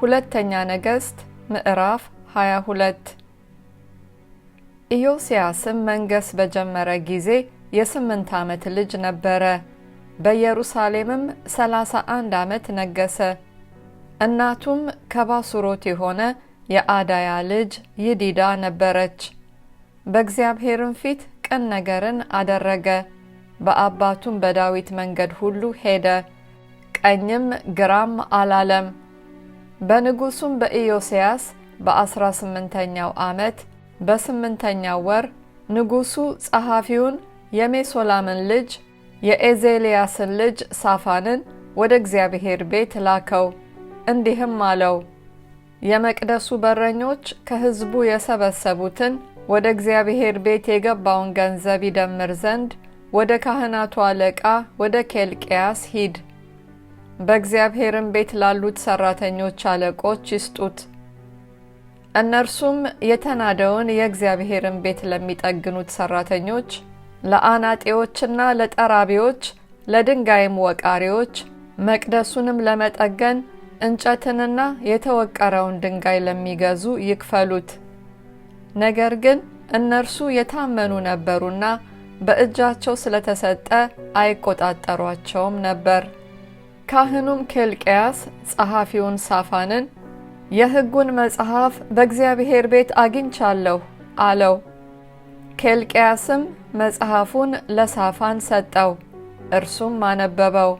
ሁለተኛ ነገሥት ምዕራፍ 22 ኢዮስያስም መንገስ በጀመረ ጊዜ የስምንት ዓመት ልጅ ነበረ። በኢየሩሳሌምም 31 ዓመት ነገሰ። እናቱም ከባሱሮት የሆነ የአዳያ ልጅ ይዲዳ ነበረች። በእግዚአብሔርም ፊት ቅን ነገርን አደረገ። በአባቱም በዳዊት መንገድ ሁሉ ሄደ፣ ቀኝም ግራም አላለም። በንጉሱም በኢዮስያስ በአስራ ስምንተኛው ዓመት በስምንተኛው ወር ንጉሱ ጸሐፊውን የሜሶላምን ልጅ የኤዜልያስን ልጅ ሳፋንን ወደ እግዚአብሔር ቤት ላከው። እንዲህም አለው፣ የመቅደሱ በረኞች ከሕዝቡ የሰበሰቡትን ወደ እግዚአብሔር ቤት የገባውን ገንዘብ ይደምር ዘንድ ወደ ካህናቱ አለቃ ወደ ኬልቅያስ ሂድ። በእግዚአብሔርም ቤት ላሉት ሰራተኞች አለቆች ይስጡት። እነርሱም የተናደውን የእግዚአብሔርን ቤት ለሚጠግኑት ሰራተኞች፣ ለአናጢዎችና ለጠራቢዎች፣ ለድንጋይም ወቃሪዎች፣ መቅደሱንም ለመጠገን እንጨትንና የተወቀረውን ድንጋይ ለሚገዙ ይክፈሉት። ነገር ግን እነርሱ የታመኑ ነበሩና በእጃቸው ስለተሰጠ አይቆጣጠሯቸውም ነበር። ካህኑም ኬልቅያስ ጸሐፊውን ሳፋንን የሕጉን መጽሐፍ በእግዚአብሔር ቤት አግኝቻለሁ አለው። ኬልቅያስም መጽሐፉን ለሳፋን ሰጠው፣ እርሱም አነበበው።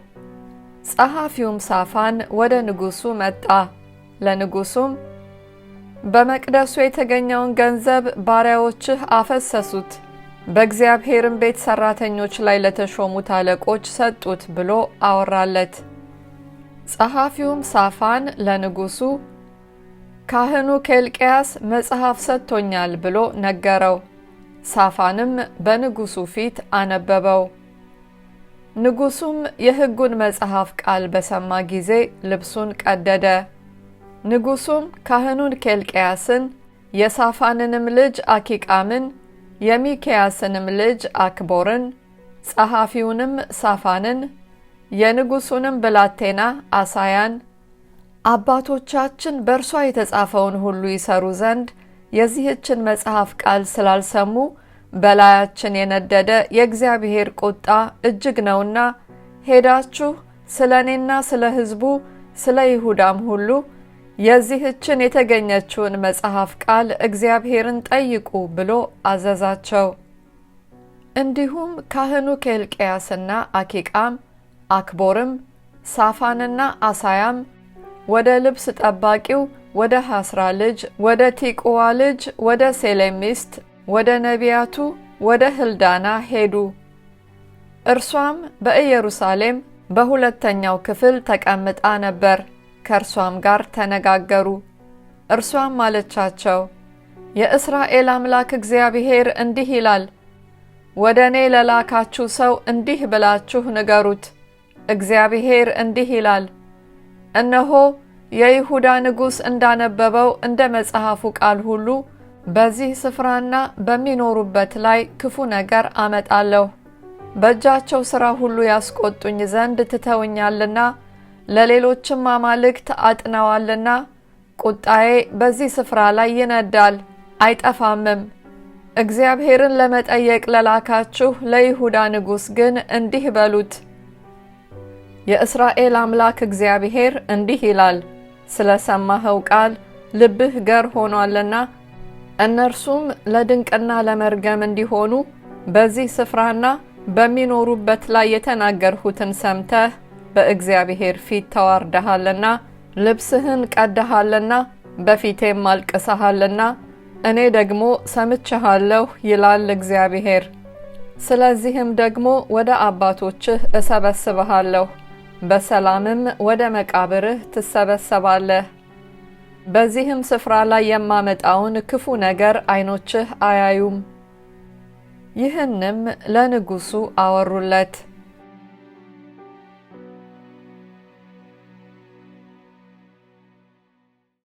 ጸሐፊውም ሳፋን ወደ ንጉሡ መጣ። ለንጉሡም በመቅደሱ የተገኘውን ገንዘብ ባሪያዎችህ አፈሰሱት፣ በእግዚአብሔርም ቤት ሠራተኞች ላይ ለተሾሙት አለቆች ሰጡት ብሎ አወራለት። ጸሐፊውም ሳፋን ለንጉሱ ካህኑ ኬልቅያስ መጽሐፍ ሰጥቶኛል ብሎ ነገረው። ሳፋንም በንጉሱ ፊት አነበበው። ንጉሱም የሕጉን መጽሐፍ ቃል በሰማ ጊዜ ልብሱን ቀደደ። ንጉሱም ካህኑን ኬልቅያስን የሳፋንንም ልጅ አኪቃምን የሚኪያስንም ልጅ አክቦርን ጸሐፊውንም ሳፋንን የንጉሱንም ብላቴና አሳያን አባቶቻችን በእርሷ የተጻፈውን ሁሉ ይሰሩ ዘንድ የዚህችን መጽሐፍ ቃል ስላልሰሙ በላያችን የነደደ የእግዚአብሔር ቁጣ እጅግ ነውና ሄዳችሁ ስለ እኔና ስለ ሕዝቡ ስለ ይሁዳም ሁሉ የዚህችን የተገኘችውን መጽሐፍ ቃል እግዚአብሔርን ጠይቁ ብሎ አዘዛቸው። እንዲሁም ካህኑ ኬልቅያስና አኪቃም አክቦርም ሳፋንና አሳያም ወደ ልብስ ጠባቂው ወደ ሐስራ ልጅ ወደ ቲቁዋ ልጅ ወደ ሴሌም ሚስት ወደ ነቢያቱ ወደ ህልዳና ሄዱ። እርሷም በኢየሩሳሌም በሁለተኛው ክፍል ተቀምጣ ነበር። ከእርሷም ጋር ተነጋገሩ። እርሷም አለቻቸው፣ የእስራኤል አምላክ እግዚአብሔር እንዲህ ይላል፣ ወደ እኔ ለላካችሁ ሰው እንዲህ ብላችሁ ንገሩት እግዚአብሔር እንዲህ ይላል፣ እነሆ የይሁዳ ንጉሥ እንዳነበበው እንደ መጽሐፉ ቃል ሁሉ በዚህ ስፍራና በሚኖሩበት ላይ ክፉ ነገር አመጣለሁ። በእጃቸው ሥራ ሁሉ ያስቆጡኝ ዘንድ ትተውኛልና ለሌሎችም አማልክት አጥነዋልና ቁጣዬ በዚህ ስፍራ ላይ ይነዳል፣ አይጠፋምም። እግዚአብሔርን ለመጠየቅ ለላካችሁ ለይሁዳ ንጉሥ ግን እንዲህ በሉት የእስራኤል አምላክ እግዚአብሔር እንዲህ ይላል፣ ስለ ሰማኸው ቃል ልብህ ገር ሆኗልና እነርሱም ለድንቅና ለመርገም እንዲሆኑ በዚህ ስፍራና በሚኖሩበት ላይ የተናገርሁትን ሰምተህ በእግዚአብሔር ፊት ተዋርደሃልና ልብስህን ቀድሃልና በፊቴም አልቅሰሃልና እኔ ደግሞ ሰምቼሃለሁ ይላል እግዚአብሔር። ስለዚህም ደግሞ ወደ አባቶችህ እሰበስብሃለሁ በሰላምም ወደ መቃብርህ ትሰበሰባለህ። በዚህም ስፍራ ላይ የማመጣውን ክፉ ነገር ዓይኖችህ አያዩም። ይህንም ለንጉሡ አወሩለት።